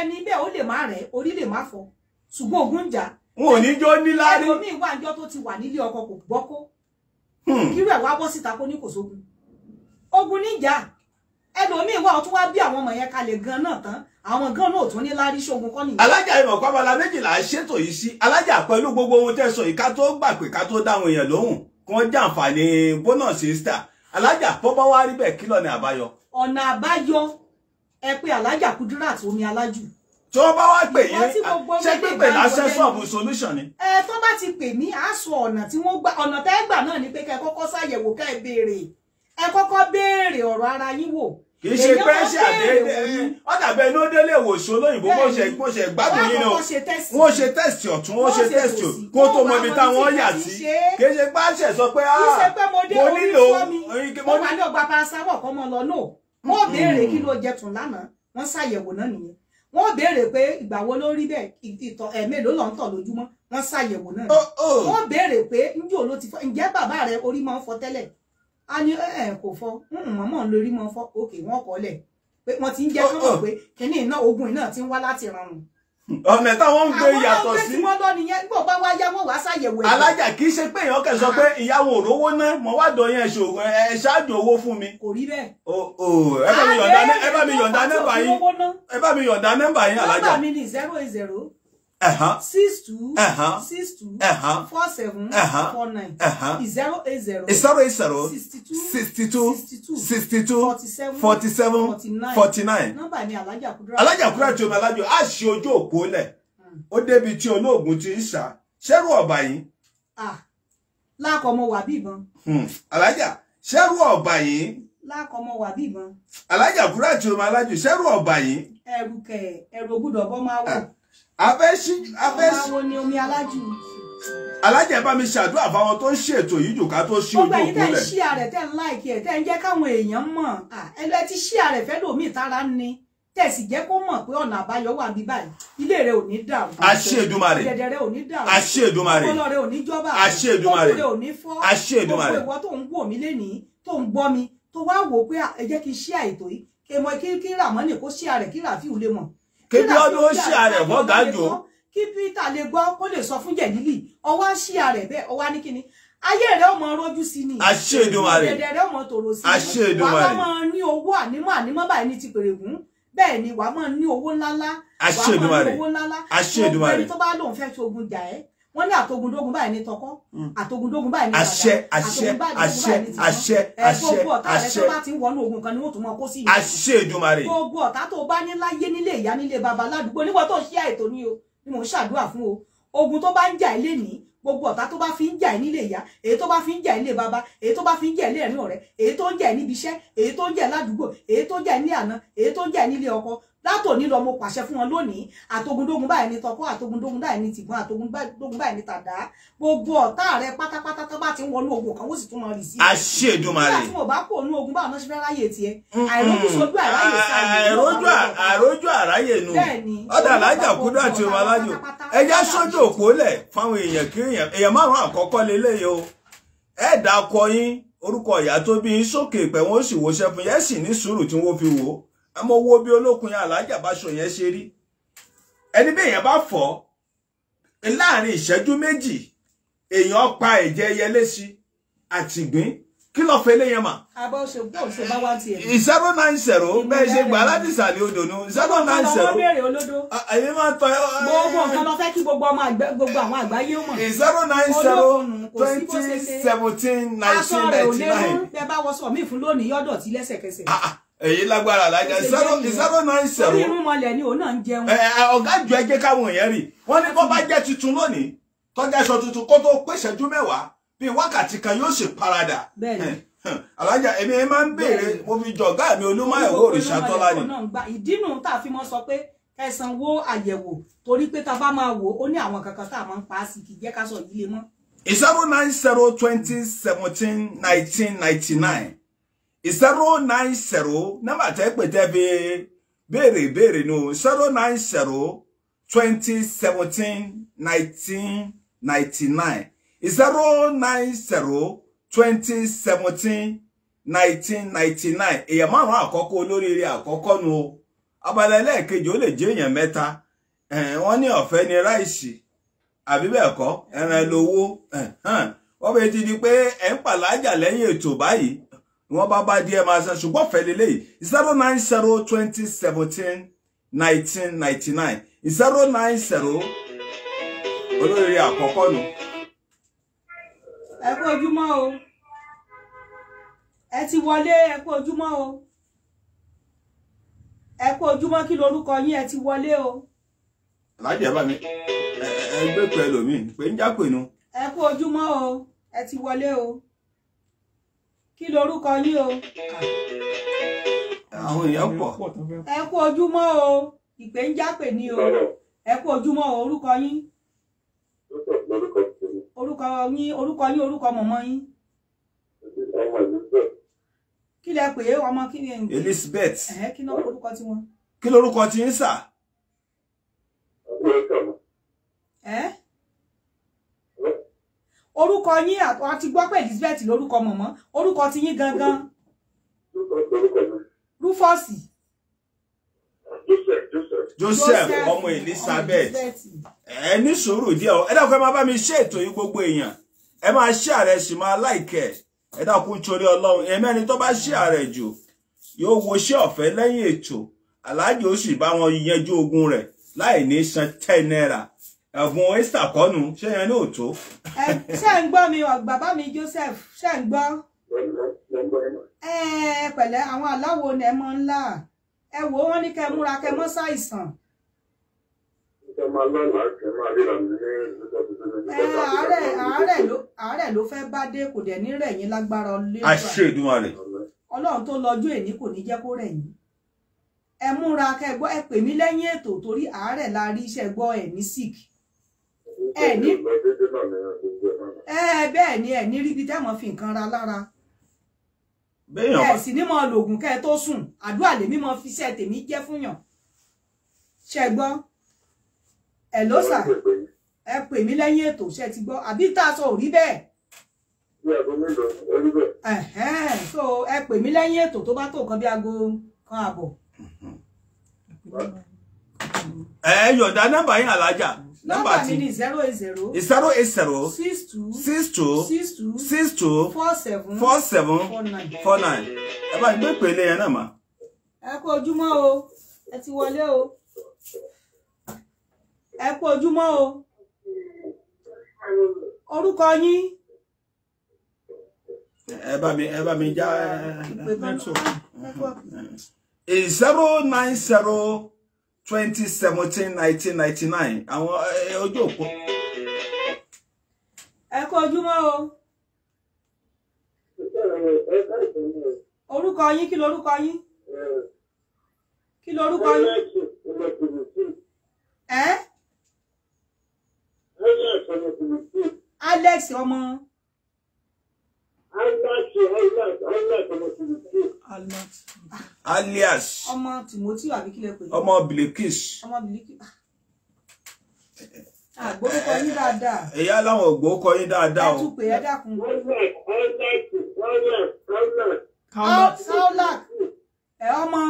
ẹni bẹ́ẹ̀ ó lè má rẹ̀ orí lè má fọ́ ṣùgbọ́n ogun ń jà. wọn ò ní jó ní lárí. ẹlòmíì wà níjọ́ tó ti wà nílé ọkọ kò gbọ́kó. kírú hmm. ẹ̀ wá bọ́ síta kó ní kò sógun. ogun níjà ẹlòmíì wà ó tún wá bí àwọn ọmọ yẹn kalẹ̀ gan náà tán àwọn gan náà ò tún ní lárí ṣogun kọ́ nìyẹn. alájà ìmọ̀ pápálá méjìlá ṣètò yìí sí alájà pẹ̀lú gbogbo ohun tẹ̀sọ̀ yìí ká tó gbà pé ká tó dáhùn èèyàn lóhùn kí wọ́n jàǹfààní bónọ̀sì star alájà bọ́bá wá rí bẹ́ẹ̀ kí lọ́nà àbáyọ. ọ̀nà àbáyọ ẹ pé alájà Kudirat omi alájù tí ó bá wá pè yín ṣé pípè láṣẹ sọ́ọ̀bù solution ni. ẹ tó bá ti pè mí á sọ ọ̀nà tí wọ́n gbà ọ̀nà tẹ́ gbà náà ni pé kẹ́ ẹ kọ́kọ́ ṣàyẹ̀wò kẹ́ ẹ béèrè ẹ kọ́kọ́ béèrè ọ̀rọ̀ ara yín wò. kì í ṣe pé ṣe àdéhùn ọ̀dàbẹ ló délé ìwòsàn olóyìnbó bó ṣe bó ṣe gbádùn yín náà wọ́n ṣe tẹ́sítì ọ̀tún wọ́n ṣe tẹ́sítì kó tó mọ ibi táwọn yà sí kì í ṣe pé sọ pé ah mo nílò mo wà ní ọgbà paracetamol kọ́ mọ lọ náà wọn ò hmm. béèrè kí ló jẹ tún lánàá wọn ṣàyẹ̀wò náà nìyẹn wọn ò béèrè pé ìgbà wo ló rí bẹ́ẹ̀ ìtọ ẹ̀mélòó lọ ń tọ̀ lójúmọ́ wọn ṣàyẹ̀wò náà oh, oh. wọn ò béèrè pé njó ló ti fọ́ ǹjẹ́ bàbá rẹ orí máa ń fọ́ tẹ́lẹ̀ a ní ẹ kò fọ́ mọmọ ń lórí máa ń fọ́ òkè wọn kọlẹ pé wọn ti ń jẹ kọmọ oh, pé kínní iná ogun iná ti ń wá láti rọrùn ọ̀nà táwọn ń gbé yàtọ̀ sí. àwọn ọmọ ìgbésí wọn lọ nìyẹn nígbà bá wá yá wọn wá ṣàyẹ̀wò ẹ̀. alájà kì í ṣe pé èèyàn kẹsàn pé ah. ìyàwó òrówó náà mọ wá dọ̀yìn ẹ̀ ṣòwò ẹ̀ ṣáájú owó fún mi. kò rí bẹ́ẹ̀. o o ẹ bá mi ah, yọ̀ǹda nẹ́mbà yín ẹ bá mi yọ̀ǹda nẹ́mbà yín alájà. nọ́mbà mi ni zero zero Uh huh. six two Uh huh. six two Uh huh. four seven Uh huh. four nine Uh huh. zero eight zero zero eight zero sixty two sixty two sixty two forty seven forty seven forty nine nọ́mbà ni alájà kúdúrà alájà kúdúrà tí omi alájò á ṣe ojú òpó lẹ̀ hmm. ó débi tí olóògùn ti ń ṣá ṣẹ́rù ọ̀bà yìí. Ah, lákọ̀ ọmọ wà bí ìbọn. Hmm. alájà ṣẹ́rù ọ̀bà yìí. lákọ̀ ọmọ wà bí ìbọn. alájà kúdúrà tí omi alájò ṣẹ́rù ọ̀bà yìí. ẹrù kẹ ẹrù ògùdọ̀ máa wọ̀. Ah abẹ́sí abẹ́sí. ọmọ wo ni omi alájù alájẹ bá mi ṣàdúrà fáwọn tó ń ṣètò yìí jù ká tó ṣí ojú òkú rẹ. ọgbà yìí tẹ́ ń ṣí àrẹ̀ tẹ́ ń láìkí ẹ̀ tẹ́ ń jẹ́ káwọn èèyàn mọ̀ ẹlẹ́ ti ṣí àrẹ̀ fẹ́ lómi ìtara ni tẹ́ sì jẹ́ kó mọ̀ pé ọ̀nà àbáyọ wà bí báyìí ilé rẹ ò ní dàrú. àṣẹ Èdùmàrè dẹ̀dẹ̀ rẹ ò ní dàrú. àṣẹ Èdùmàrè ọlọ rẹ ò ní jọba àṣẹ Èdùmàrè tó ń wò mí lénìí tó ń gbọ́ mi tó wá wò pé ẹ jẹ́ kí n ṣí àìtó yìí kí ràmọ́nì kó ṣí àrẹ̀ kí ràfíù lè mọ̀ kébí ọdún ó ṣí ààrẹ fọ́gá jò. kí peter lè gbọ́ kó lè sọ fún jẹ̀lílì ọwá ṣí ààrẹ bẹ́ẹ̀ ọwá ní kíni ayé rẹ ọmọ rojú sí ni àṣẹ Èdùmàrè ìdẹ̀dẹ̀ rẹ ọmọ tòrò sí ni àṣẹ Èdùmàrè wàá máa ní owó ànímọ́ ànímọ́ báyìí ní ti pèrègùn bẹ́ẹ̀ ni wàá máa ní owó ńláńlá wàá máa ní owó ńláńlá àṣẹ Èdùmàrè gbogbo tó bá lóun fẹ́ ṣogun jà ẹ́ wọ́n ní àtogundógun báyìí ní tọkọ́ hmm. àtogundógun báyìí ní ọ̀dà àṣẹ àṣẹ àṣẹ àṣẹ àṣẹ gbogbo ọ̀tá rẹ tó bá ti ń wọnú ogun kan ni wọ́n tún mọ kó sí ìyá àṣẹ Èdùmàrè gbogbo ọ̀tá tó bá ní láyé nílé ìyá nílé baba ládùúgbò níwọ tó ṣí àìtó ní o ni mò ń ṣàdúrà fún o ogun tó bá ń jà ilé ní gbogbo ọ̀tá tó bá fi ń jà ẹ́ nílé ìyá èyí tó bá fi ń jà ẹ́ nílé baba èyí tó bá fi ń jà ẹ́ nílé ẹ̀mí ọ̀rẹ́ èyí tó ń jà ẹ́ níbi iṣẹ́ èyí tó ń jà ládùúgbò èyí tó ń jà ní àná èyí tó ń jà nílé ọkọ látòní lọ mo pàṣẹ fún wọn lónìí àtogundógun báyìí ní tọkọ àtogundógun báyìí ní tìgbọn àtogundógun báyìí ní tàdá gbogbo ọ̀tá rẹ pátápátá tó bá ti ń wọnú ogun kan ó sì tún mọ rì sí. àṣé Èdùmàrè nígbà tí mo bá kó onú ogun báwọn ṣe fẹ́ ráyè tiẹ̀ àìrójúṣojú àráyè sáyé. àìrójú àráyè nù ọ̀dà alájà kúdà àti ọmọ alájò ẹja sójú òpó lẹ̀ fáwọn èèyàn kí ẹ mọ wo bí olókun yẹn alájà bá sọ yẹn ṣe rí ẹni bí èèyàn bá fọ láàrin ìṣẹ́jú méjì èèyàn pa ẹ̀jẹ̀ yẹlẹ́sí àtìgbín kí ló fẹ́ léyẹn mà. abọ́ ṣe bó ṣe bá wá tiẹ̀. zero nine zero bẹ́ẹ̀ ṣe gbà láti ìsàlẹ̀ odò nu zero nine zero. ọmọ bèrè olódó. èyí máa tọ́ ẹ. gbogbo nǹkan lọ fẹ́ kí gbogbo ọmọ àgbẹ̀ gbogbo àwọn àgbáyé mọ̀. zero nine zero twenty seventeen nineteen ninety nine. aṣọ rẹ̀ ò lérú bẹ́ẹ̀ bá wọ sọ mí fún lónìí yọ́dọ̀ tí lẹ́sẹ̀kẹsẹ̀. Ah, ah èyí lágbára alájà zero zero nine zero. orí irun mọlẹ̀ ni òun náà ń jẹun. ọ̀gá jù ẹ jẹ́ káwọn èèyàn rí wọ́n ní kó bá jẹ́ tuntun lónìí tọ́jà aṣọ tuntun kó tó pé ìṣẹ́jú bíi wákàtí kan yóò ṣe parada. bẹ́ẹ̀ni alájà èmi ẹ máa ń béèrè mo fi jọ ọ̀gá mi olúmọ̀ẹ̀wò òrìṣàtọ́lá ni. ìdínú tá a fi mọ sọ pé ẹ̀sán wo àyẹ̀wò torí pé tá máa wò ó ní àwọn kankan tá a máa ń pa á sí kì í jẹ́ ká sọ yìí lé mọ́. zero nine zero twenty seventeen nineteen ninety nine zero na zero nọ́mbà tẹ́ pè tẹ́ fi béèrè ìbéèrè nù zero o le ẹlẹ́ẹ̀kejì ó lè jẹ́ èèyàn mẹ́ta wọ́n ní ọ̀fẹ́ ní ráìsì àbí ẹran lowó wọ́n fi ti di pé ẹ̀ ń pàlájà wọ́n bá bá díẹ̀ máa ṣe ṣùgbọ́n fẹ̀lélẹ́ zero nine zero twenty seventeen nineteen ninety nine zero nine zero olórí àkọ́kọ́ nu. ẹ kú ojúmọ́ o ẹ ti wọlé ẹ kú ojúmọ́ o ẹ kú ojúmọ́ kí lorúkọ yín ẹ ti wọlé o. alájẹ bá mi ẹ gbé pẹ̀lú mi pé ń jápè nu. ẹ kú ojúmọ́ o ẹ ti wọlé o kí lorúkọ yín o. àwọn èèyàn pọ̀. ẹ kú ojúmọ́ o ìpè ń jápè ní o ẹ kú ojúmọ́ o orúkọ yín. orúkọ yín orúkọ yín orúkọ mọ̀mọ́ yín. kí lẹ pè é ọmọ kí ni. Elizabeth. ẹ kí náà orúkọ tiwọn. kí lorúkọ ti ń sà. ẹ orúkọ yín a ti gbọ́ pé Elizabeth lórúkọ mọ̀mọ́ orúkọ ti yín gangan rúfọ́ọ̀sì. Joseph ọmọ Elizabeth ẹ ní sùúrù díẹ̀ ẹ dákun ẹ máa bá mi ṣe ètò yìí gbogbo èèyàn ẹ máa ṣe ààrẹ sì máa láìkẹ ẹ dákun torí Ọlọ́run ẹmí ẹni tó bá ṣe ààrẹ jù yóò wo ṣé ọ̀fẹ́ lẹ́yìn ètò aláàjì ó sì bá wọn yanjú ogun rẹ̀ láì ní san ten naira ẹbùn esther kọnu ṣé yẹn ní òtó ṣé ń gbọ́ mi bàbá mi Joseph ṣé ń gbọ́ pẹ̀lẹ́ àwọn aláwo ni ẹ mọ́ ńlá ẹ wò wọ́n ní kẹ́ múra kẹ́ mọ́ ṣàìsàn. àárẹ̀ ló fẹ́ bá dé kò dẹ̀ ní rẹ̀yìn lágbára lẹ́wà ọlọ́run tó lọ́jọ́ èní kò ní jẹ́ kó rẹ̀yìn ẹ múra kẹ́ gbọ́ ẹ pè mí lẹ́yìn ètò torí àárẹ̀ la rí iṣẹ́ gbọ́ ẹ̀ ní síkì ẹ ní ẹ bẹ́ẹ̀ ni ẹ ní ríbi tẹ́mọ̀ fi nǹkan ra lára ẹ sì ní mọ lògùn kẹ́ ẹ tó sùn àdúrà lèmi mọ fi iṣẹ́ tèmi jẹ́ fún yàn ṣe gbọ́ ẹ ló sà ẹ pè mí lẹ́yìn ètò ṣe ti gbọ́ àbí tá a sọ ò rí bẹ́ẹ̀ so ẹ pè mí lẹ́yìn ètò tó bá tó nǹkan bí aago kan àbọ̀. ẹ yọ̀dá nọ́mbà yín alájà nọ́mbà mi ni zero eight zero. Eh, zero eight zero. six two. six two. six two. six two. four seven. four seven. four nine. four nine. ẹ bá gbé ìpele yẹn náà mà. ẹ kú ojúmọ́ o ẹ ti wọlé o ẹ kú ojúmọ́ o orúkọ yín. ẹ bá mi ẹ bá mi já ẹ ẹ eh, zero nine zero twenty seventeen nineteen ninety nine àwọn eh, eh, ojú òpó. ẹ kú ojúmọ́ o. orúkọ yín kí lorúkọ yín. kí lorúkọ yín. ẹ. Alex ọmọ alias ọmọ timothy abikile pẹ̀lú ọmọ bilikis ọmọ bilikis àgbórúkọ yín dáadáa èyá láwọn ògbórúkọ yín dáadáa o ẹ tún pè é dákun. kaulak ẹ ọmọ.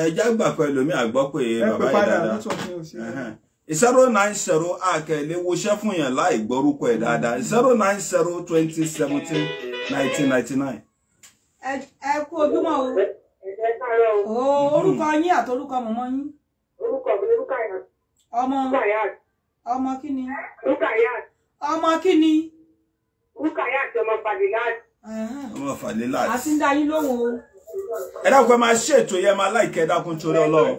ẹ jágbà pẹ̀lú mi àgbọ́ pé bàbá yìí dáadáa. zero nine zero àkẹ́lẹ́ wọṣẹ́ fún yẹn láì gbọ́rúkọ ẹ̀ dáadáa zero nine zero twenty seventeen nineteen ninety nine. ẹ kú ojúmọ́ o orúkọ yín àti orúkọ mọ̀mọ́ yín. orúkọ mi ni Rukayat. ọmọ ọmọ kí ni. Rukayat. ọmọ kí ni. Rukayat ọmọ Fadilat. ọmọ Fadilat. àti ń dá yín o. ẹ dákun ẹ máa ṣètò yẹn máa láìkẹ́ dákun torí Ọlọ́run.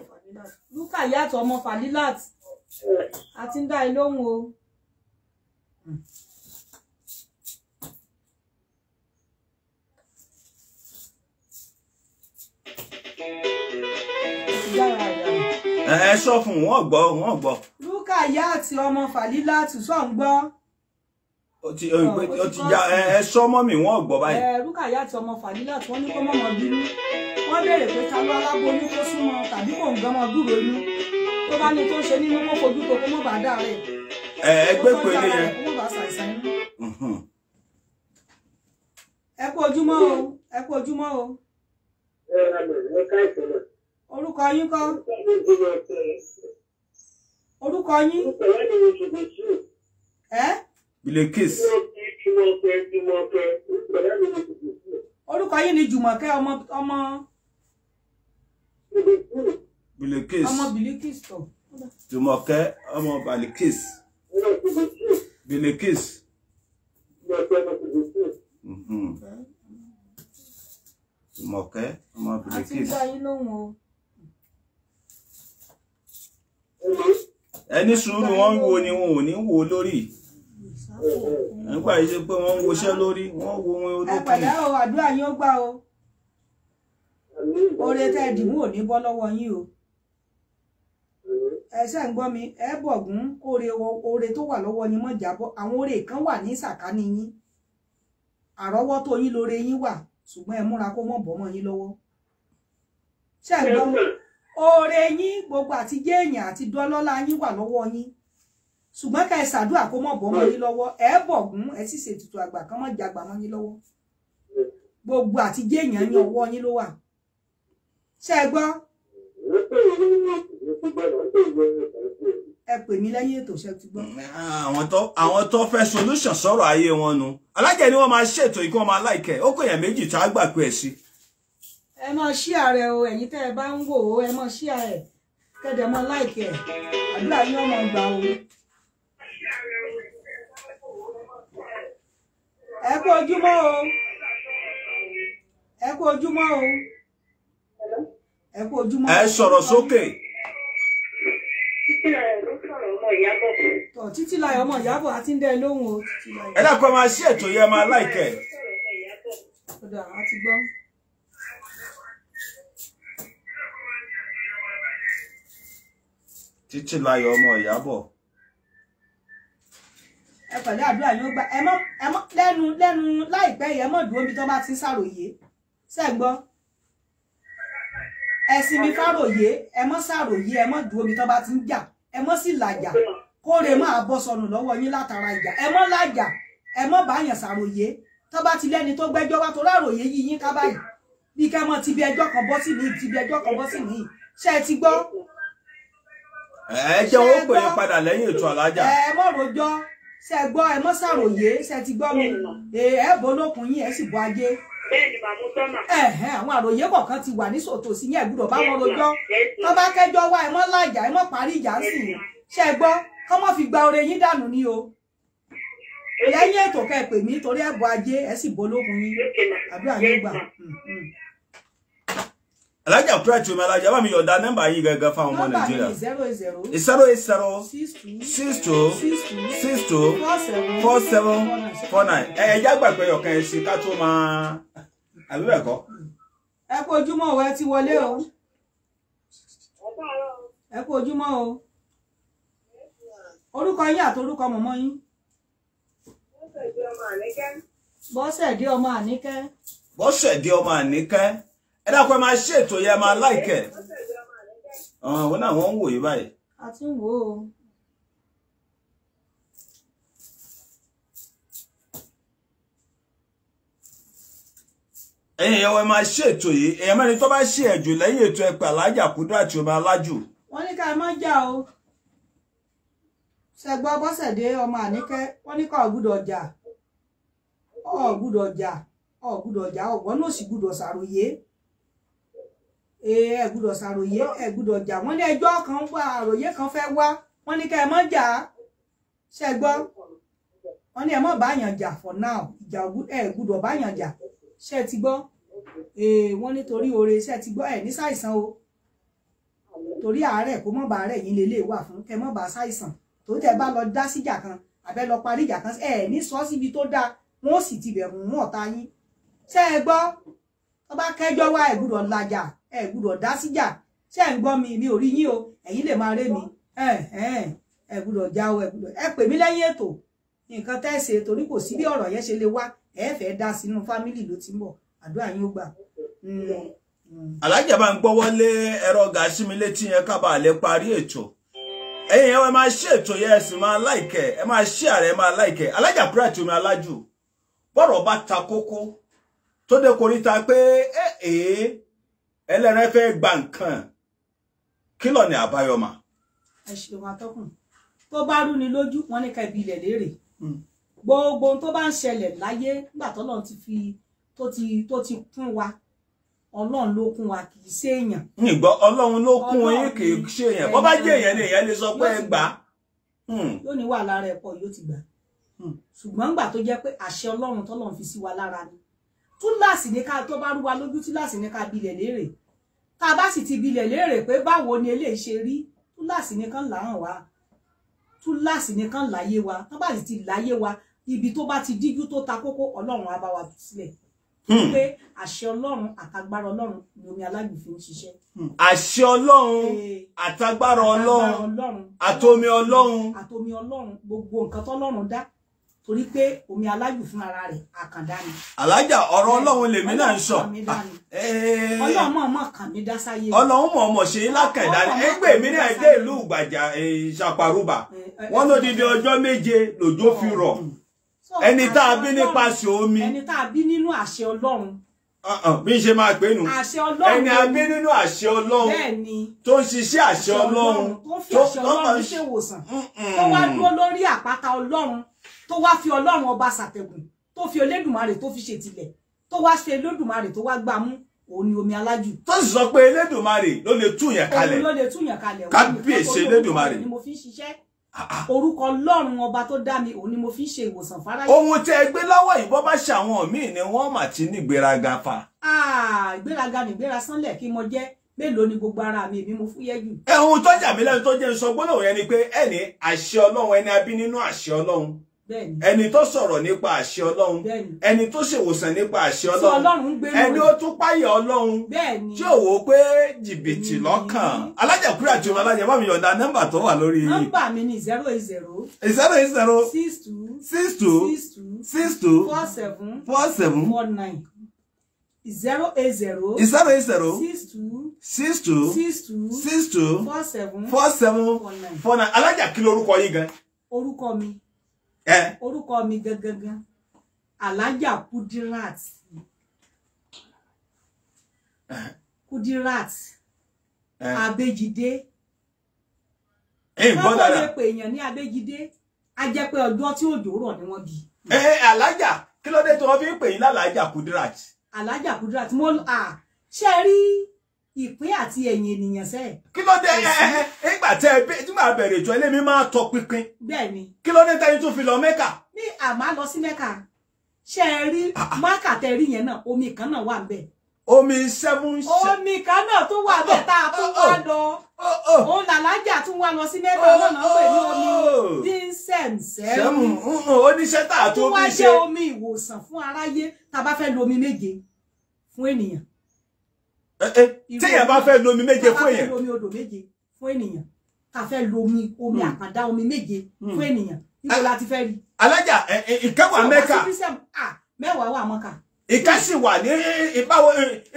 Rukayat ọmọ Fadilat. a ti ń dá ẹ lóhùn o. ẹ sọ fún wọn gbọ́ wọn gbọ́. lúkà yá àti ọmọ fàlílà àtúnṣọ ń gbọ́ ó ti ya ẹ sọ mọ́ mi wọ́n gbọ́ báyìí. ẹ rúkàyà àti ọmọ fànílà tí wọ́n ní kó mọ̀mọ́ bínú wọ́n béèrè pé ta ló aláboyún tó súnmọ́ tàbí kò ń gbọ́mọ gbúròó inú tó bá ní tó ń ṣe nínú kó fojú tó kó mọ́ bá dà rẹ̀. ẹ ẹ gbé pé ní yẹn. kó mọ́ bá ṣàìsàn inú. Mhm. ẹ kú ojúmọ́ o ẹ kú ojúmọ́ o. orúkọ yín kọ́. orúkọ yín. ẹ. Bilekis. orúkọ yín ni Jùmọ̀kẹ́ ọmọ bilikis ọmọ bilikis tọ. Jùmọ̀kẹ́ ọmọ balikis bilikis. Mhm. Jùmọ̀kẹ́ ọmọ bilikis. àti gba yín lóhùn o. ẹni sùúrù wọn wo ni wọn ò ní wo lórí nígbà yìí ṣe pé wọn ń woṣẹ́ lórí wọn wo wọn olókùn. ẹ pẹ̀lẹ́ o àdúrà yín ó gbà o oore tẹ́ ẹ dìmú ò ní bọ́ lọ́wọ́ yín o ẹsẹ̀ ń gbọ́ mi ẹ bọ̀gún oore tó wà lọ́wọ́ yín mọ̀ jábọ́ àwọn oore kan wà ní sàkání yín àrọ́wọ́ tó yín lóore yín wà ṣùgbọ́n ẹ múra kó mọ̀ bọ́ mọ́ yín lọ́wọ́ ṣe ń gbọ́ oore yín gbogbo àti jẹ́ẹ̀yàn àti dọ́lọ́lá yín wà lọ́wọ́ yín ṣùgbọ́n ká ẹ ṣàdúrà kó mọ̀ bọ́ mọ́ yín lọ́wọ́ ẹ bọ̀gún ẹ sì ṣètùtù àgbà kan mọ̀ jàgbà mọ́ yín lọ́wọ́ gbogbo àti jẹ́ẹ̀yàn ọwọ́ yín ló wà ṣe gbọ́ ẹ pè mí lẹ́yìn ètò ṣe ti gbọ́. àwọn tó fẹ́ solution sọ̀rọ̀ ayé wọn nu alájẹ ni wọ́n máa ṣètò ikú ọmọ máa láìkẹ́ ó kò yàn méjì tá a gbà pé ẹ̀ sí. ẹ mọ ṣí ààrẹ o ẹ̀yin tẹ́ ẹ bá ń wò ó ẹ máa ṣí ààrẹ kẹ́dẹ̀ mọ́ láìkẹ́ àdúrà yín máa gbà o. ẹ kú ojúmọ́ o ẹ kú ojúmọ́ o. ẹ kú ojúmọ́. ẹ sọ̀rọ̀ sókè. títílayọ̀ ló sọ̀rọ̀ ọmọ ìyábọ̀. tọ̀ títílayọ̀ ọmọ ìyábọ̀ àti ń dẹ́ lóhùn o. ẹ dákun ẹ máa ṣí ètò yẹn máa láìkẹ́. ọ̀dà àti gbọ́. títílayọ̀ ọmọ ìyábọ̀ ẹ pẹ̀lú àdúrà yóò gbà ẹ mọ́ lẹ́nu lẹ́nu láìpẹ́ yìí ẹ mọ́ dúró bí tó bá ti ń ṣàròyé ṣẹ́gbọ́n ẹ̀sìn mi fáròyé ẹ mọ́ sàròyé ẹ mọ́ dúró mi tán bá ti ń jà ẹ mọ́ sì làjà kóre máa bọ́ sọnù lọ́wọ́ yín látara ìjà ẹ mọ́ làjà ẹ mọ́ báyàn sàròyé tán bá ti lẹ́ni tó gbẹ́jọ́ wá tó láròyé yí yín ká báyìí bí kẹ́ mọ́ ti bí kan bọ́ sí mi ti bí kan bọ́ sí mi ṣe ti gbọ́. ẹ jẹ́ wọ́n pè é padà lẹ́yìn ètò àlájà. ẹ mọ̀ rojọ́ ṣe gbọ́ ẹ mọ́ sàròyé ṣe ti gbọ́ mi ẹ bọ́ lókun yín ẹ sì bọ́ ajé bẹ́ẹ̀ ni màmú sọ́mà. ẹ̀hẹ́n àwọn àròyé kọ̀ọ̀kan ti wà ní sòtòsí yẹn gbúdọ̀ bá wọn rojọ́ tó bá kẹjọ́ wá ẹ mọ́ lájà ẹ mọ́ parí ìjà ń sìn ṣe é gbọ́ kọ́ mọ́ fi gba oore yín dànù ni o. lẹ́yìn ètò kẹ́ ẹ pè mí torí ẹ̀bùn ajé ẹ sì bológun yín àbí àyè gbà. Alhaji Abdulrahman Tuwemi Alhaji bá mi yọ̀ǹda nọ́mbà yín gangan fáwọn ọmọ Nàìjíríà. Nọ́mbà mi zero zero. zero zero. six two. six two. six two. four seven. four seven. four nine. Ẹ ẹ jágbàgbé ọ̀kan ẹ̀ ṣe ká tó máa. àbí bẹ́ẹ̀ kọ́. ẹ kú ojúmọ́ o ẹ ti wọlé o. ẹ kú ojúmọ́ o. orúkọ yín àti orúkọ mọ̀mọ́ yín. bọ́sẹ̀dé ọmọ àníkẹ́. bọ́sẹ̀dé ọmọ àníkẹ́ ẹ dákun ẹ máa ṣètò yẹn máa láìkẹ́. wọn náà wọ́n ń wò yí báyìí. a ti wò ó. ẹ̀yin ìyàwó ẹ máa ṣe ètò yìí èèyàn tó bá ṣe ẹ̀jù lẹ́yìn ètò ẹ̀pẹ́ alájà Kudirat ọmọ alájù. wọ́n ní ká ẹ má jà o ṣẹgbọ bọ́sẹ̀dé ọmọ àníkẹ́ wọ́n ní ká ọ̀gbúdọ̀ jà ọ̀gbúdọ̀ jà ọ̀gbúdọ̀ jà ọ̀gbọ́n náà sì gbúdọ̀ ṣàròyé ẹ jà wọ́n ní kan wá kan fẹ́ wá ṣé ẹ ti gbọ́ eh, wọ́n nítorí oore ṣé ẹ ti gbọ́ ẹ̀ ní ṣàìsàn o torí àárẹ̀ kó mọ̀ bá àárẹ̀ yín lélẹ̀ wà fún kẹ́ mọ̀ bá ṣàìsàn tó tẹ́ bá lọ dá síjà kan àbẹ́ lọ parí ìjà kan ẹ̀ ní sọ síbi tó dáa wọn ò sì ti bẹ̀rù mú ọ̀tá yín ṣé ẹ gbọ́ tó bá kẹjọ́ wá ẹ̀ gbúdọ̀ lajà ẹ̀ gbúdọ̀ dá síjà ṣé ẹ̀ ń gbọ́ mi mi ò rí yín o ẹ̀yin lè máa ré mi ẹ̀ gbúdọ̀ já o ẹ̀ gbúdọ̀ ẹ pè mí lẹ́yìn ètò nǹkan tẹ́ ṣe torí kò sí bí ọ̀rọ̀ yẹn ṣe lè wá ẹ fẹ́ dá sínú fámìlì ló ti ń bọ̀ àdúrà yín ó gbà. Hmm, hmm. alájà ń gbọ́wọ́ lé ẹ̀rọ gàásì létí yẹn kábàá lè parí ètò ẹ̀yin ẹ máa ṣe ètò yẹn ẹ máa ẹ ta kókó tó dé pé ẹlẹ́rẹ́ fẹ́ gba nǹkan kílọ̀ ẹ ṣeun atọ́kùn wọn ní ibi ilẹ̀ léèrè hmm. gbogbo ohun tó bá ń ṣẹlẹ̀ láyé nígbà tọ́lọ́run ti fi tó ti tó ti kún wa ọlọ́run ló kún wa kì í ṣe èèyàn. ìgbọ́ ọlọ́run ló kún yín kì í ṣe èèyàn bó bá jẹ́ èèyàn ni èèyàn lè sọ pé ẹ gbà. Hmm. yóò ní wà lára ẹ̀kọ́ yóò ti gbà hmm. ṣùgbọ́n nígbà tó jẹ́ pé àṣẹ ọlọ́run tọ́lọ́run fi sí wa lára ni túláàsì ní ká tó bá rú wa lójú túláàsì ní ká bilẹ̀ léèrè tá a bá sì ti bilẹ̀ léèrè pé báwo ni eléyìí ṣe rí túláàsì ní kán làhàn wa túláàsì ní kán láyé wa tán bá sì ti láyé wa ibi tó bá ti díjú tó ta kókó ọlọ́run á bá wa jù sílẹ̀ hmm. pé àṣẹ ọlọ́run àtagbára ọlọ́run ni omi alágbèfín ń ṣiṣẹ́. Hmm. àṣẹ ọlọ́run àtagbára ọlọ́run àtomi ọlọ́run. àtomi ọlọ́run gbogbo nǹkan tọ́lọ́run dá torí pé omi alájù fún ara rẹ̀ àkàndá ni. alájà ọ̀rọ̀ ọlọ́run lèmi náà ń sọ. Ah, eh. ọlọ́run mọ̀ mọ̀ kàn mí dá sáyé. ọlọ́run mọ̀ mọ̀ ṣe lákàndá ni ẹgbẹ́ mi náà dé ìlú ìgbàjà eh, ìṣàpàrúbà eh, wọ́n ló di di ọjọ́ méje lòjó fi rọ̀. Hmm ẹni tá a bí nípasẹ̀ omi ẹni tá a bí nínú àṣẹ ọlọ́run uh-uh, bí n ṣe máa pè nù ẹni a bí nínú àṣẹ ọlọ́run tó ń ṣiṣẹ́ àṣẹ ọlọ́run tó fi àṣẹ ọlọ́run ṣe wòsàn tó wá dúró lórí àpáta ọlọ́run tó wá fi ọlọ́run ọba ṣàtẹ̀gùn tó fi olódùmarè tó fi ṣètìlẹ̀ tó wá ṣe olódùmarè tó wá gbámú òun ni omi alájù. tó sì sọ pé elédùmarè ló lè tú yẹn kalẹ̀ kábíyèsí elédùmarè. òun ló lè tú yẹn kalẹ̀ Ah, ah. orúkọ ọlọ́run ọba tó dá mi òun ni mo fi ń ṣe ìwòsàn fáráyé. ohun tẹ ẹ gbé lọ́wọ́ yìí bọ́ bá ṣe àwọn míì ni wọ́n mà ti ní ìgbéraga fa. Ah, ìgbéraga ni ìgbéra sánlẹ̀ kí mo jẹ́ mélòó ni gbogbo ara mi mi mo fúyẹ́ jù. ohun tó jà mí lẹ́nu tó jẹ́ sọ gbólóhùn yẹn ni pé ẹni àṣẹ ọlọ́run ẹni abí nínú àṣẹ ọlọ́run ẹni tó sọ̀rọ̀ nípa àṣẹ ọlọ́run ẹni tó ṣèwòsàn nípa àṣẹ ọlọ́run ẹni ó tún páyà ọlọ́run tí ò wò pé jìbìtì lọ́kàn alájàkúrẹ́ àti ọmọ alájà bá mi nọ́mbà tó wà lórí yìí. nọ́mbà mi ni zero eight zero. zero eight zero. six two. six two. six two. six two. four seven. four seven. four nine zero eight zero. zero eight zero. six two. six two. six two. six two. four seven. four seven. four nine. four nine. alájà kí lorúkọ yín gan. orúkọ mi orúkọ mi gangan alájà Kudirat Kudirat Abéjídé wọn kò lè pè èèyàn ní abejide a jẹ́ pé ọjọ́ tí òjò rọ̀ ni wọ́n bi. ẹ alájà kí ló dé tí wọ́n fi ń pè yín lálàájà Kudirat. alájà Kudirat mo ṣe rí ìpín àti ẹ̀yìn ènìyàn sẹ́ẹ̀. kí ló dé ẹ ẹ nígbà tẹ ẹ nígbà bẹ̀rẹ̀ ìjọ ẹlẹ́mi máa tọ pinpin. bẹ́ẹ̀ni. kí ló dé tẹni tó fi lọ mẹ́kà. ní àmà lọ sí mẹ́kà ṣe é rí ah, ah. máàkà tẹ yẹn náà omi kan náà wà bẹ́ẹ̀. omi seven. omi kan náà tó wà bẹ́ẹ̀ tá a tó oh, oh, wá oh, lọ. òun làlájà tún wá lọ sí mẹ́kà lọ́nà pé ní omi dín sẹ́mùsẹ́mù. Mm, mm, mm. oníṣẹ́ tá a tó fi ṣe. ó tún omi ìwòsàn fún aráyé tá a bá fẹ́ lo omi méje fún ènìyàn. Eh, eh. téèyàn bá fẹ́ lo omi méje fún èèyàn. tá a bá fẹ́ lo omi odò méje fún ènìyàn ká fẹ́ lo omi omi hmm. àkàndá omi méje hmm. fún ènìyàn níbo eh, la ti fẹ́ rí. alájà ìkẹwàá mẹ́ka mẹ́wàá wà mọ́ka. ìka sì wà ní ìbáwo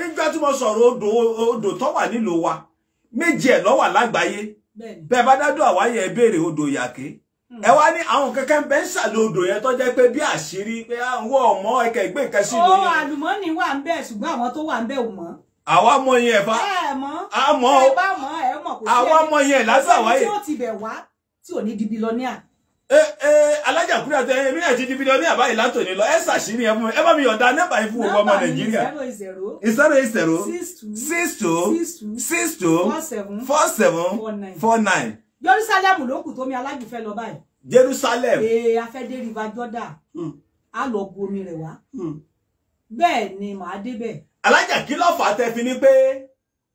ìjọ tí mo sọ̀rọ̀ odò odò tó wà nílò wa méje ẹ̀ ló wà lágbàáyé bẹ́ẹ̀ bá dádùn àwáyé ẹ béèrè odò ìyàké hmm. ẹ wá ní àwọn kankan ń bẹ ń ṣàlódò yẹn tó pé bí àṣírí pé àwọn ọmọ ẹkẹ ìgbé nǹkan sí ìlú yẹn. àlùmọ́ọ́nì wà ń bẹ ṣùgbọ́n àwọn tó wà ń bẹ ò mọ̀. àwa mọ iye ẹ̀fà. ẹ mọ̀ ẹ bá mọ̀ ẹ náà kò sí àwọn ọmọ yẹn lásà wáyé tí ó ti bẹ̀ wá tí ò ní di bílọ́níà. ẹ ẹ alájà kúrẹ́ àti ẹ̀mí náà ti di bílọ́níà báyìí látòní lọ ẹ ṣàṣírí ẹ fún mi ẹ bá mi yọ̀ǹda nẹ́bà yìí fún gbogbo ọmọ nàìjíríà zero eight six two six two four seven four nine. jerusalem ló kù tómi alájù fẹ́ lọ báyìí. jerusalem. ee afẹ́dé river jordan hmm. a lọ bu omi rẹ̀ wá hmm. bẹ́ẹ̀ ni màá débẹ̀. alájà kí ló fà á tẹ fi ni pé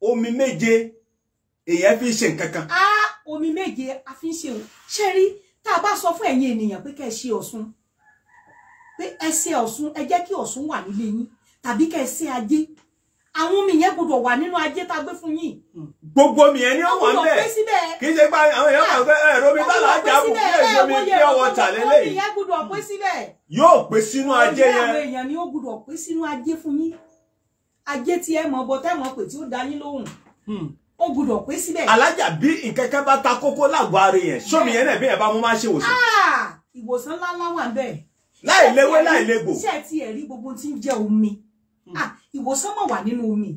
omi méje èèyàn fi ṣe nǹkan kan. a omi méje a fi ń ṣe òun ṣe rí tá a bá sọ fún ẹ̀yin ènìyàn pé kẹ́ ẹ ṣe ọ̀ṣun pé ẹ ṣe ọ̀ṣun ẹ jẹ́ kí ọ̀ṣun wà nílé yín tàbí kẹ́ ṣe ajé àwọn omi yẹn gbọ́dọ̀ wà nínú ajé tá a gbé fún yín. gbogbo omi yẹn ni ó wà níbẹ̀ kì í ṣe pa àwọn èèyàn kan pé ẹ̀rọ mi bá lájà kù kí èso mi ní ọwọ́ tà lélẹ̀ yìí. yẹn gbọ́dọ̀ pé síbẹ̀. yóò pé sínú ajé yẹn. àwọn èèyàn ni ó gbọ́dọ̀ pé sínú ajé fún yín ajé tí ẹ mọ̀ bọ́ tẹ́ mọ̀ pé tí ó dá yín lóhùn. Hmm ó gbúdọ̀ pé síbẹ̀. alájà bí nǹkan kan bá ta kókó lágbo ara yẹn sómi yẹn náà bí yẹn bá mú máa ṣe wòsàn. ìwòsàn ńláńlá ah! wà bẹ́ẹ̀. láì léwé láì légbò. iṣẹ́ ti ẹ̀rí gbogbo tí ń jẹ́ omi hmm. ah! ìwòsàn mọ̀ wà nínú omi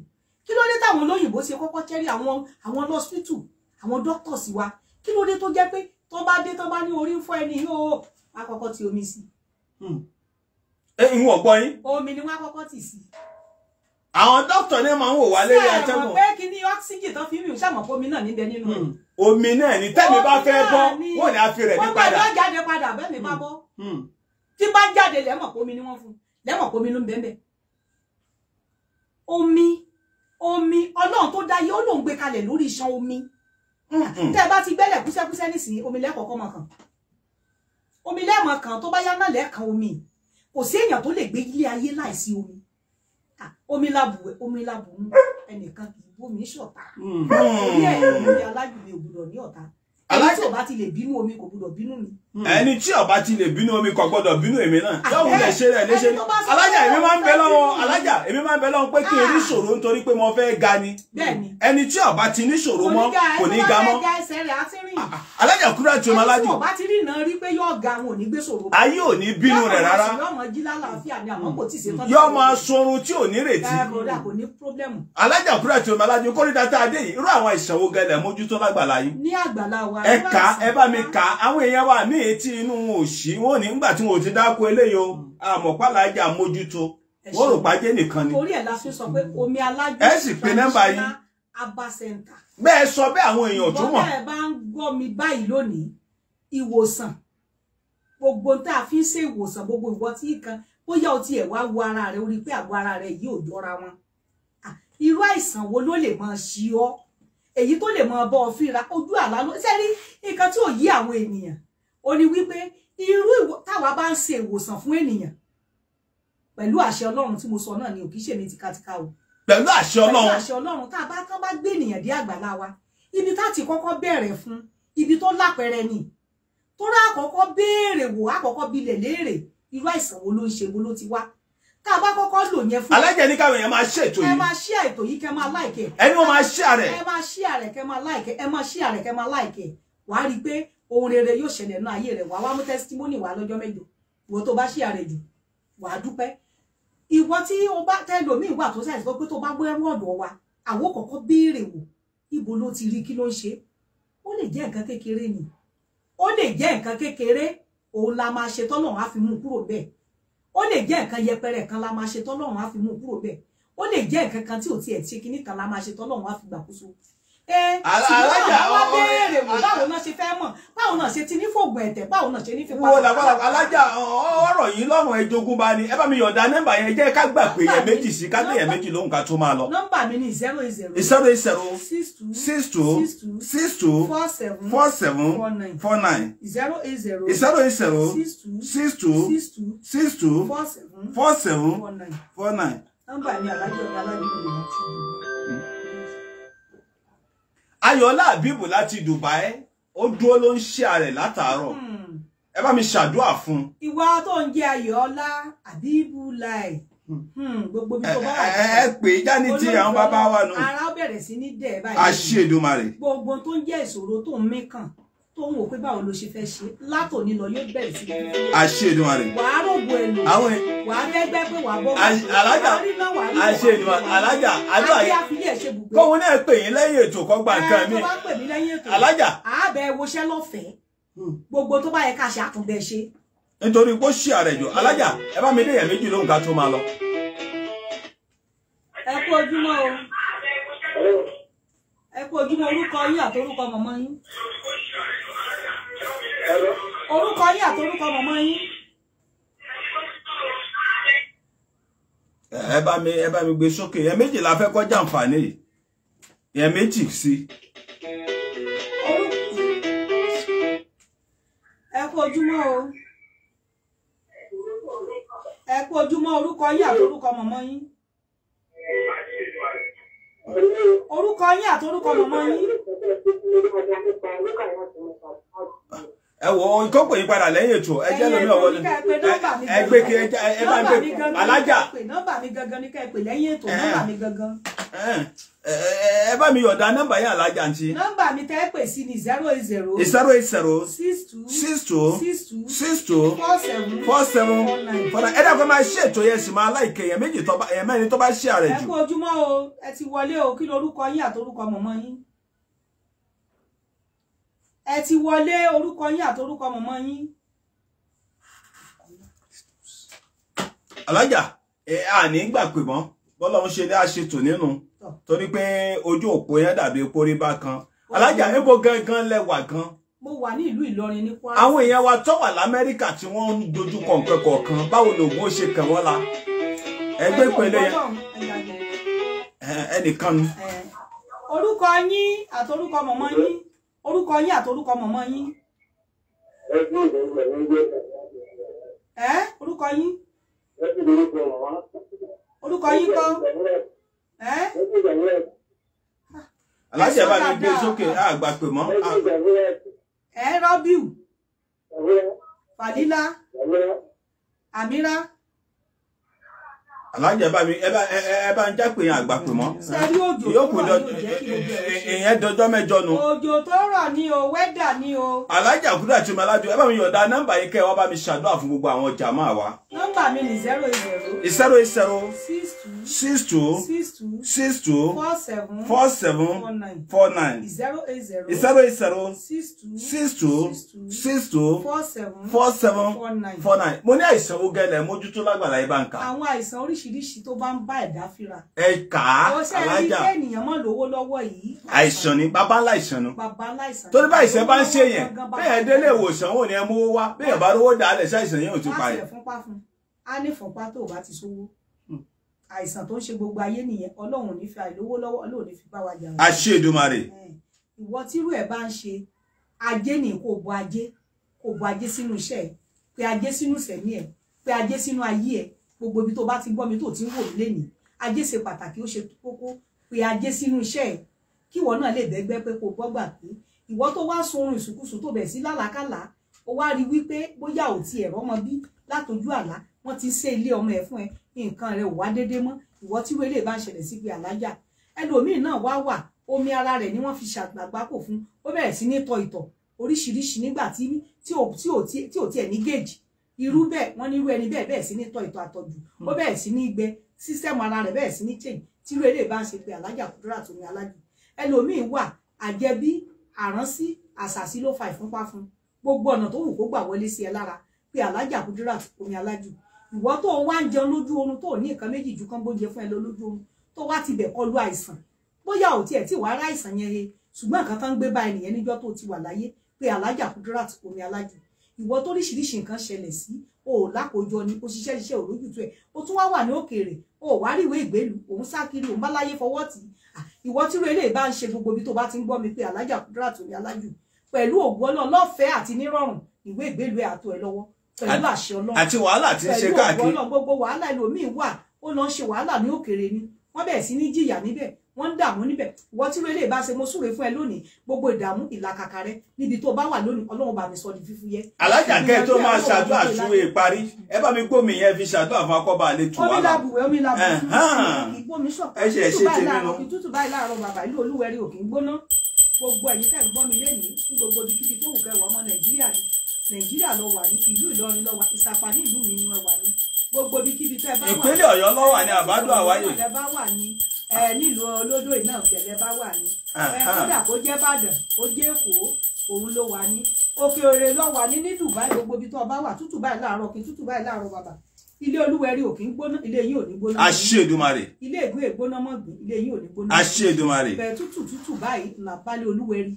kí ló dé táwọn olóyìnbó ṣe kọ́kọ́ tẹ́rí àwọn àwọn lọ́sítù àwọn doctors wa kí ló dé tó jẹ́ pé tó bá de tó bá ní orí ń fọ́ ẹni yóò wá kọ́kọ́ ti omi sí. Hmm. ẹ ìwọ̀n gbọ́ yín. omi ni wá kọ́kọ́ tì sí àwọn dókítà náà máa ń wò wá lórí atẹ́gùn. sẹ́ẹ̀ mọ̀ pé kí ni oxygen tó fi ń rìn sàmọ̀ pé omi náà níbẹ̀ nínú rẹ̀. Hmm. omi náà ni tẹ́mi bá fẹ́ bọ́ wọ́n ní a fi rẹ̀ ní padà. wọ́n bá jáde padà bẹ́ẹ̀ mi bá hmm. bọ́. Hmm. tí bá jáde lẹ́mọ̀ pé omi ni wọ́n fún lẹ́mọ̀ pé omi ló ń bẹ́ẹ̀ bẹ́ẹ̀. omi omi ọlọ́run tó dáyé ó lóun gbé kalẹ̀ lórí iṣan omi. tẹ́ ẹ bá ti gbẹ́lẹ̀ kúsẹ́kúsẹ́ nísìnyí omi lẹ́kọ̀ọ́kọ́ mọ̀ kàn omi lẹ́mọ̀ kàn tó bá yá náà lẹ́kàn omi kò sí èèyàn tó lè gbé ilé ayé láìsí omi omi labu omi labu mu ẹnìkan kì í bómi ṣọ̀tá ní hmm. ẹ̀yìn omi alájùlé ògbúdọ̀ ní ọ̀tá ẹni tí ò bá ti lè bínú omi kò gbọdọ̀ bínú mi. Hmm. ẹni tí ò bá ti lè bínú omi kò gbọdọ̀ bínú èmi náà ah, yóò lè eh, ṣe rẹ léṣe alájà èmi máa ń bẹ lọ́wọ́ alájà èmi máa ń bẹ lọ́wọ́ pé kí erí ah. ṣòro nítorí pé mo fẹ́ ga ni ẹni tí ò bá ti ní ṣòro mọ́ kò ní ga mọ́ alájà kúrò àti ọmọ alájò. ẹni tí ò bá ti rí iná rí pé yóò ga wọn ò ní gbé ṣòro. ayé ò ní bínú rẹ rárá yóò máa sorun hmm. tí ò ní retí. alájà kúrò àti ọmọ alájò kórìíta tá a dé yìí irú àwọn ìṣòwò gẹlẹ̀ mójútó lágbàlá yìí. ní àgbàlá wa ẹka kà mi kà àwọn èèyàn wà ní etí inú òsì wọn ní tí wọn ò ti dáko eléyìí o àmọ̀pálá ajá mójútó wọ́n rò pàjẹ́ nìkan ni. torí ẹ̀ la fi sọ pé omi alájú ẹ pe nọ́mbà yìí abba center. bẹ́ẹ̀ sọ bẹ́ẹ̀ àwọn èèyàn tó mọ̀. bọ́lá ẹ̀ bá ń gbọ́ mi báyìí lónìí ìwòsàn gbogbo tá a fi ń ṣe ìwòsàn gbogbo ìwọ tí kan bóyá o tiẹ̀ wá wo ara rẹ o pé àgọ́ ara rẹ yìí ò jọra wọn irú àìsàn wo ló lè máa ṣí ọ èyí tó lè mọ ọbọ fínra ojú àlá ló sẹ́rí nǹkan tí ò yí àwọn ènìyàn ó ní wípé irú táwa bá ń ṣe ìwòsàn fún ènìyàn pẹ̀lú àṣẹ ọlọ́run tí mo sọ náà ni òkì ṣèmi tìkatíka o pẹ̀lú àṣẹ ọlọ́run pẹ̀lú àṣẹ ọlọ́run tá a bá tán bá gbé ènìyàn dé àgbàlá wa ibi tá ti kọ́kọ́ bẹ̀rẹ̀ fún ibi tó lápẹẹrẹ ni tó rà àkọ́kọ́ béèrè wò àkọ́kọ́ bilẹ̀ léèrè irú àìsàn wo ló ń ṣe wo ló ti wá tá a bá kọ́kọ́ lò yẹn fún. alájẹ ní káwọn èèyàn máa ṣe ètò yìí. ẹ máa ṣe ètò yìí kẹ máa láìkẹ. ẹni wọn máa ṣe àrẹ. ẹ máa ṣe àrẹ kẹ máa láìkẹ ẹ máa ṣe àrẹ kẹ máa láìkẹ wàá rí i pé ohun rere yóò ṣẹlẹ̀ náà ayé rẹ̀ wàá wá mú testimony wá lọ́jọ́ mẹ́jọ ìwọ tó bá ṣe àrẹ jù wàá dúpẹ́ ìwọ tí o bá tẹ́lò míì wà tó ṣàìsàn pé tó bá gbé ọ̀dọ̀ wa àwo kọ̀ọ̀kan béèrè wò ibo ló ti rí kí ló ń ṣe ó lè jẹ́ nǹkan kékeré ni ó ó lè jẹ́ nǹkan yẹpẹrẹ kan la máa ṣe tọ́lọ́run á fi mú kúrò bẹ́ẹ̀ ó lè jẹ́ nǹkan kan tí ò tiẹ̀ ṣe kíní kan la máa ṣe tọ́lọ́run á fi gbàkóso alájà àwọn béèrè wò báwo náà ṣe fẹ́ mọ̀ báwo náà ṣe ti ní fògùn ẹ̀tẹ̀ báwo náà ṣe ní fipá. wo làbàlà alájà ọ̀rọ̀ yìí lọ́rùn ẹ jogún bá ní ẹ bá mi yọ̀ǹda nọ́mbà yẹn jẹ́ ká gbà pé yẹn méjì sí ká tẹ̀yẹ̀ méjì lóhùn ká tó máa lọ. nọ́mbà mi ni zero zero. zero zero. six two six two six two four seven four nine. zero zero. zero zero. six two six two four seven four nine. nọ́mbà mi alájà alájà mi hmm. ni mo ti ayọ̀ọ́lá àbíbù láti Dubai ó dúró ló ń ṣe ààrẹ látàárọ̀ hmm. ẹ bá mi ṣàdúrà fún. ìwà tó ń jẹ ayọ̀ọ́lá àbíbù láì hmm. Hmm, gbogbo bí tó bá wà. ẹ pè é jáde tí àwọn bàbá wa nù. ara bẹ̀rẹ̀ sí ní dẹ̀ báyìí. àṣẹ Èdùmàrè. gbogbo tó ń jẹ́ ìṣòro tó ń mí kàn tó ń wò pé báwo ló ṣe fẹ́ ṣe látòní lọ yóò bẹ̀rẹ̀ sí. àṣẹ ìdúnwà rẹ. wàá rògbò ẹ lò. àwọn wàá dẹ́gbẹ́ pé wàá bọ́. alága àṣẹ ìdúnwà alága àdó àyè. àbí àfilẹ̀ ṣe bùkún. kóhun náà pè yín lẹ́yìn ètò kan gbà nǹkan mi. ẹ tó bá pè mí lẹ́yìn ètò. alága. àbẹ̀ woṣẹ́ lọ́fẹ̀ẹ́ hmm. gbogbo tó bá yẹ ká ṣe àtúnbẹ ṣe. nítorí pé ó ṣì àrẹ̀jọ alága ẹ bá mi dé ìyàméjì lóhùn ká tó ẹ kú ojúmọ́ o ẹ kú ojúmọ́ orúkọ yín àtorúkọ mọ̀mọ́ yín orúkọ yín àti orúkọ mọ̀mọ́ yín. ẹ bá mi ẹ bá mi gbé sókè ẹ méjì la fẹ́ kọjá àǹfààní yìí ẹ méjì sí. ẹ kú ojúmọ́ o ẹ kú ojúmọ́ orúkọ yín àti orúkọ mọ̀mọ́ yín orúkọ yín àti orúkọ mọ̀mọ́ yín ẹ wọ nǹkan pè yín padà lẹ́yìn ètò ẹ jẹ́ lómi ọ̀wọ́ ni ẹ gbé kí ẹ bá ń gbé alájà nọ́mbà mi gangan ni ká ẹ pè lẹ́yìn ètò nọ́mbà mi gangan. ẹ bá mi yọ̀dá nọ́mbà yẹn alájà ń ti. nọ́mbà mi tẹ́ ẹ pè sí ni zero eight zero. zero eight zero. six two six two six two four seven four seven four nine. ẹ dàgbẹ́ máa ṣe ètò yẹn sì máa láìkẹ́ yẹn méjì tó bá yẹn mẹ́rin tó bá ṣe àrẹ̀ jù. ẹ kú ojúmọ́ o ẹ ti wọlé o kí lorúkọ yín àtorúkọ mọ̀mọ́ yín ẹ ti wọlé orúkọ yín àtorúkọ mọ̀mọ́ yín. alájà ẹ à ní gbà pé mọ́ bọ́lọ́run ṣe ní àṣetò nínú torí pé ojú òpó yẹn dàbí porí bá kan alájà ebo gangan lẹwà gan. mo wà ní ìlú Ìlọrin ní Kwara. àwọn èèyàn wa tó wà l'Amẹ́ríkà tí wọ́n ń dojú kọ nǹkan kọ̀ọ̀kan báwo lòògùn ó ṣe kàn wọ́n la ẹgbẹ́ ìpínlẹ̀ yẹn ẹnìkan nu. orúkọ yín àtorúkọ mọ̀mọ́ yín orúkọ yín àti orúkọ mọ̀mọ́ yín. ẹ orúkọ yín. orúkọ yín kọ́. aláṣẹ bá mi gbé sókè àgbà pè mọ́. ẹ rọ́bìù. fàdílà. àmírà alájà ẹ bá mi ẹ bá ń jápè yẹn àgbà pè mọ́ ìyókù ìyẹn dọjọ́ mẹ́jọ nu. òjò tó rọ̀ ni o wẹ́dà ni o. alájà kúrò àti omi alájọ ẹ bá mi yọ̀ọ̀da nọ́mbà yìí kẹ́ ẹ wá bá mi ṣàdúrà fún gbogbo àwọn jàmáà wa nọ́mbà mi ni zero eight zero. zero zero. six two. six two. six two. six two. four seven. four seven. four nine. four nine. zero zero. zero eight zero. six two. six two. six two. four seven. four seven. four nine. four nine. mo ní àìsàn ogẹlẹ mójútó lágbàlá ibà ń kà. àwọn àìsàn oríṣiríṣi tó bá ń bá ẹ̀dá fínra. ẹ kà á alájà. ọṣẹ ilé ènìyàn mọ lówó lọ́wọ́ yìí. àìsàn ni bàbá ńlá àìsàn ni. bàbá ńlá àìsàn. torí bá àìsàn bá ń ṣe yẹn bẹ́ẹ̀ délé ìwòsàn wò ni ẹ mú wá bẹ́ẹ̀ bá rówó dà á lẹ̀ ṣàìsàn yẹn ò ti parí á nífọ̀pá tó o bá ti sówó hmm. àìsàn tó ń ṣe gbogbo ayé nìyẹn ọlọ́run ní fi àìlówó lọ́wọ́ ọlọ́run ní fi bá wa jà wọ́n. àṣé Èdùmàrè. ìwọ tírú ẹ̀ bá ń ṣe ajé ní kò bọ ajé kò bọ ajé sínú iṣẹ́ ẹ̀ pé ajé sínú sẹ̀mí ẹ̀ pé ajé sínú ayé ẹ̀ gbogbo ibi tó bá ti gbọ́ mi tó ti ń wò mí lénìí ajé ṣe pàtàkì ó ṣe kókó pé ajé sínú iṣẹ́ ẹ̀ kí ìwọ náà lè dẹ́gbẹ́ pé kò gbọ́gbà pé ìwọ tó wá sun oorun ìsùnkúsùn tó bẹ̀ sí lálàkàlà ó wá rí wípé bóyá ò tiẹ̀ rọ́mọ bí látọjú àlá wọ́n ti ṣe ilé ọmọ ẹ̀ fún ẹ nǹkan rẹ̀ ò wá dédé mọ́ ìwọ tí wẹ́lẹ̀ bá ń ṣẹlẹ̀ sí pé àlájà ẹlòmíín náà wá wà omi ara rẹ̀ ni wọ́n fi ṣàgbàgbákò fún ó bẹ̀rẹ̀ sí ní tọ ìtọ̀ oríṣiríṣi nígbà tí tí ò tí ò tiẹ̀ ní géèjì irú bẹ́ẹ̀ wọ́n ní irú ẹni bẹ́ẹ̀ bẹ́ẹ̀ sí ní tọ ìtọ̀ àtọ̀jù ó bẹ̀rẹ̀ sí ní gbẹ sísẹ́mu ara rẹ̀ bẹ̀rẹ̀ sí ní change tí irú eléyìí bá ń ṣe pé àlájà kúdúrà tó ní alájù ẹlòmíín wà àjẹbí àránsí àṣàsí ló fa ìfúnpá fún gbogbo ọ̀nà tó wù kó gbà wọlé sí ẹ lára pé àlájà kúdúrà tó ní alájù ìwọ tó wá ń jẹun lójú oorun tó ní nǹkan méjì ju kán bóúnjẹ fún ẹ lọ lójú oorun tó wá ti bẹ̀ kọlu àìsàn bóyá ò tiẹ̀ tí wàá rá àìsàn yẹn he ṣùgbọ́n nǹkan kan ń gbé bá ènìyàn níjọ́ tó ti wà láyé pé alájà Kudirat omi alájù ìwọ tó ríṣiríṣi nǹkan ṣẹlẹ̀ sí o ò ni o ṣiṣẹ́ ṣiṣẹ́ ò lójútu ẹ̀ o tún wá wà ní òkèèrè o wá rí ìwé ìgbélú òun sá òun bá láyé fọwọ́ tì í ìwọ tí rere bá ń ṣe gbogbo ibi tó bá ti ń gbọ́ mi pé alájà Kudirat omi alájù pẹ̀lú ògùn ọlọ́ọ̀lọ́fẹ̀ẹ́ àti nírọ̀rùn ìwé ìgbélú ẹ̀ àtọ́ ẹ lọ́wọ́ pẹ̀lú àṣẹ ọlọ́run àti wàhálà tí ń ṣe káàkiri pẹ̀lú ọ̀gbọ́n gbogbo wàhálà ẹlòmíín wà ó lọ ṣe wàhálà ní òkèèrè ni wọ́n bẹ̀rẹ̀ sí ní jìyà níbẹ̀ wọ́n ń dààmú níbẹ̀ wọ́n tí rẹ́lẹ̀ bá ṣe mo súre fún ẹ lónìí gbogbo ìdààmú ìlàkàkà rẹ níbi tó bá wà lónìí ọlọ́run bá sọ di fífúyẹ́. alájà kẹ́ tó máa ṣàdúrà sun ìparí ẹ bá mi gbómi yẹn fi ṣàdúrà fún akọ́ba tù wá lọ. omi làbùwẹ̀ omi làbùwẹ̀ ìgbómi báyìí láàárọ̀ bàbá ìlú olúwẹ̀rí òkè ń gbóná gbogbo ẹ̀yin nàìjíríà lọ wà ní ìlú ìlọrin lọ wà ìsàpá ní ìlú mi ni ẹ wà ní gbogbo ibikíbi tẹ bá wà ìpínlẹ̀ ọ̀yọ́ lọ wà ní àbádọ àwáyé tẹ bá wà ní ẹ nílùú olódò iná ọ̀gẹ̀dẹ̀ bá wà ní ẹ kódà kó jẹ́ ìbàdàn kó jẹ́ èkó òun ló wà ní òkè òrè lọ wà ní ní dubai gbogbo ibi tó bá wà tútù báyìí láàárọ̀ kí tútù báyìí láàárọ̀ bàbà ilé olúwẹrí ò kí ń gbóná ilé yìí ò ní gbóná àṣẹ Èdùmàrè ilé ìgbó ègbóná mọ̀gbìn ilé yìí ò ní gbóná àṣẹ Èdùmàrè bẹ̀ẹ̀ tútù tútù báyìí làbálẹ̀ olúwẹrí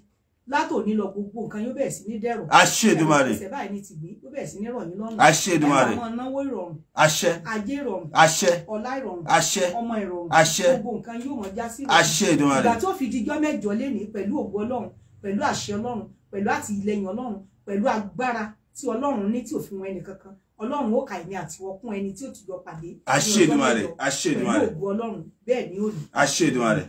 látòní lọ gbogbo nǹkan yóò bẹ̀rẹ̀ sí ní dẹ̀rọ̀. àṣẹ Èdùmàrè ẹ̀sẹ̀ báyìí ní tìgbé yóò bẹ̀rẹ̀ sí ní rọ̀ yín lọ́rùn. àṣẹ Èdùmàrè ẹ̀ka máa náwó ìrọ̀rùn. àṣẹ ajé ìrọ̀rùn. àṣẹ ọlá ìrọ̀rùn. àṣẹ ọmọ ìrọ̀rùn. àṣẹ gbogbo nǹkan yóò mọ já sí. àṣẹ Èdùmàrè ìgbà tó fi dijọ́ mẹ́jọ lénìí pẹ̀lú ògo Ọlọ́run pẹ̀lú àṣẹ Ọlọ́run pẹ̀lú àtìlẹ́yìn Ọlọ́run pẹ̀lú agbára tí Ọlọ́run ní tí òfin wọn ẹnìkankan Ọlọ́run ó kà ní àtiwọ́kún ẹni tí ó ti lọ pàdé. àṣẹ Èdùmàrè àṣẹ Èdùmàrè pẹ̀lú ògo Ọlọ́run bẹ́ẹ̀ ni ó rí. àṣẹ Èdùmàrè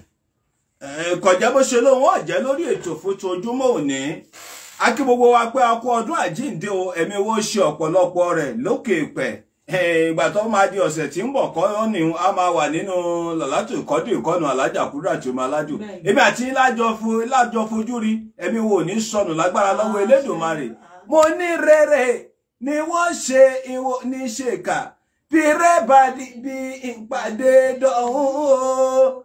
kọjá bó ṣe lóun ọ̀jẹ́ lórí ètò fojoojúmọ́ òní akí gbogbo wa pé ọkọ ọdún àjíǹde o ẹ̀mí owó ṣe ọ̀pọ̀lọpọ̀ rẹ̀ lókè ìpẹ́ ìgbà tó máa di ọ̀sẹ̀ tí ń bọ̀ kọ́ ni a máa wà nínú lọ́látò ìkọ́dù ìkọ́nù alájà kúrò àti ó máa lájò èmi àti lájọ fojú rí ẹmí wo ní sọnù lágbára lọ́wọ́ Elédùmarè mo ní rere ni wọ́n ṣe ìwọ ní ṣèkà bí rẹ́ bá bí ìpàdé dọ̀hún o.